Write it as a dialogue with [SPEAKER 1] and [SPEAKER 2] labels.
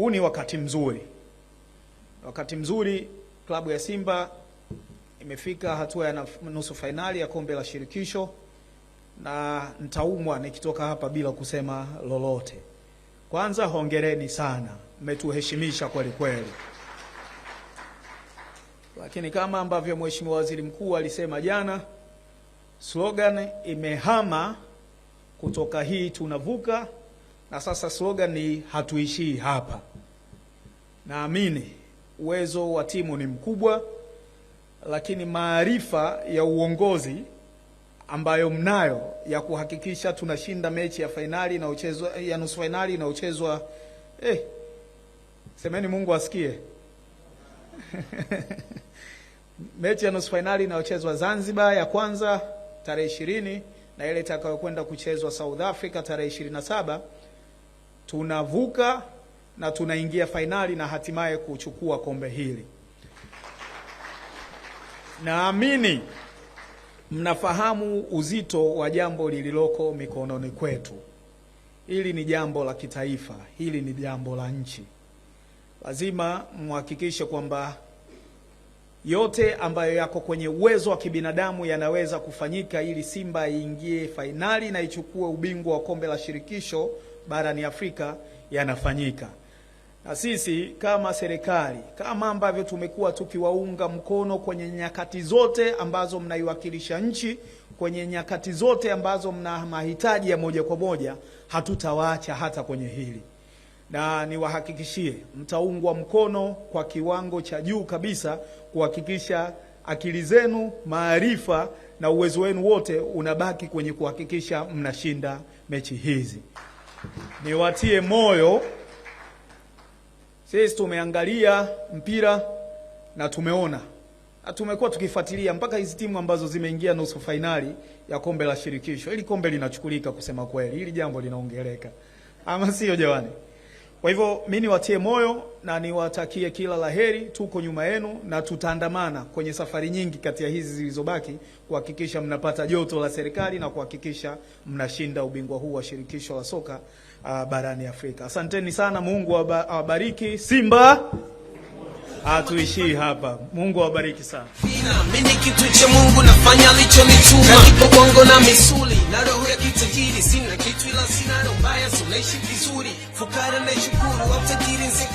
[SPEAKER 1] Huu ni wakati mzuri, wakati mzuri. Klabu ya Simba imefika hatua ya nusu fainali ya kombe la shirikisho, na nitaumwa nikitoka hapa bila kusema lolote. Kwanza hongereni sana, mmetuheshimisha kweli kweli, lakini kama ambavyo Mheshimiwa Waziri Mkuu alisema jana, slogan imehama kutoka hii tunavuka na sasa slogan ni hatuishii hapa. Naamini uwezo wa timu ni mkubwa, lakini maarifa ya uongozi ambayo mnayo ya kuhakikisha tunashinda mechi ya fainali inayochezwa ya nusu fainali inayochezwa eh, semeni Mungu asikie mechi ya nusu fainali inayochezwa Zanzibar ya kwanza tarehe ishirini na ile itakayokwenda kuchezwa South Africa tarehe ishirini na saba tunavuka na tunaingia fainali na hatimaye kuchukua kombe hili. Naamini mnafahamu uzito wa jambo lililoko mikononi kwetu. Hili ni jambo la kitaifa, hili ni jambo la nchi. Lazima mhakikishe kwamba yote ambayo yako kwenye uwezo wa kibinadamu yanaweza kufanyika ili Simba iingie fainali na ichukue ubingwa wa kombe la shirikisho barani Afrika yanafanyika. Na sisi kama serikali, kama ambavyo tumekuwa tukiwaunga mkono kwenye nyakati zote ambazo mnaiwakilisha nchi, kwenye nyakati zote ambazo mna mahitaji ya moja kwa moja, hatutawaacha hata kwenye hili na niwahakikishie mtaungwa mkono kwa kiwango cha juu kabisa kuhakikisha akili zenu, maarifa na uwezo wenu wote unabaki kwenye kuhakikisha mnashinda mechi hizi. Niwatie moyo, sisi tumeangalia mpira na tumeona na tumekuwa tukifuatilia mpaka hizi timu ambazo zimeingia nusu fainali ya kombe la shirikisho. ili kombe linachukulika, kusema kweli, hili jambo linaongeleka, ama sio jamani? Kwa hivyo mi niwatie moyo na niwatakie kila laheri. Tuko nyuma yenu na tutaandamana kwenye safari nyingi kati ya hizi zilizobaki kuhakikisha mnapata joto la serikali na kuhakikisha mnashinda ubingwa huu wa shirikisho la soka uh, barani Afrika. Asanteni sana, Mungu awabariki. Simba hatuishii uh, hapa, Mungu awabariki sana. Mimi kitu cha Mungu, nafanya alichonituma, na kipo bongo na misuli na roho ya kitajiri, sina kitu ila sina roho mbaya naishi vizuri, fukara naishukuru, watajiri nze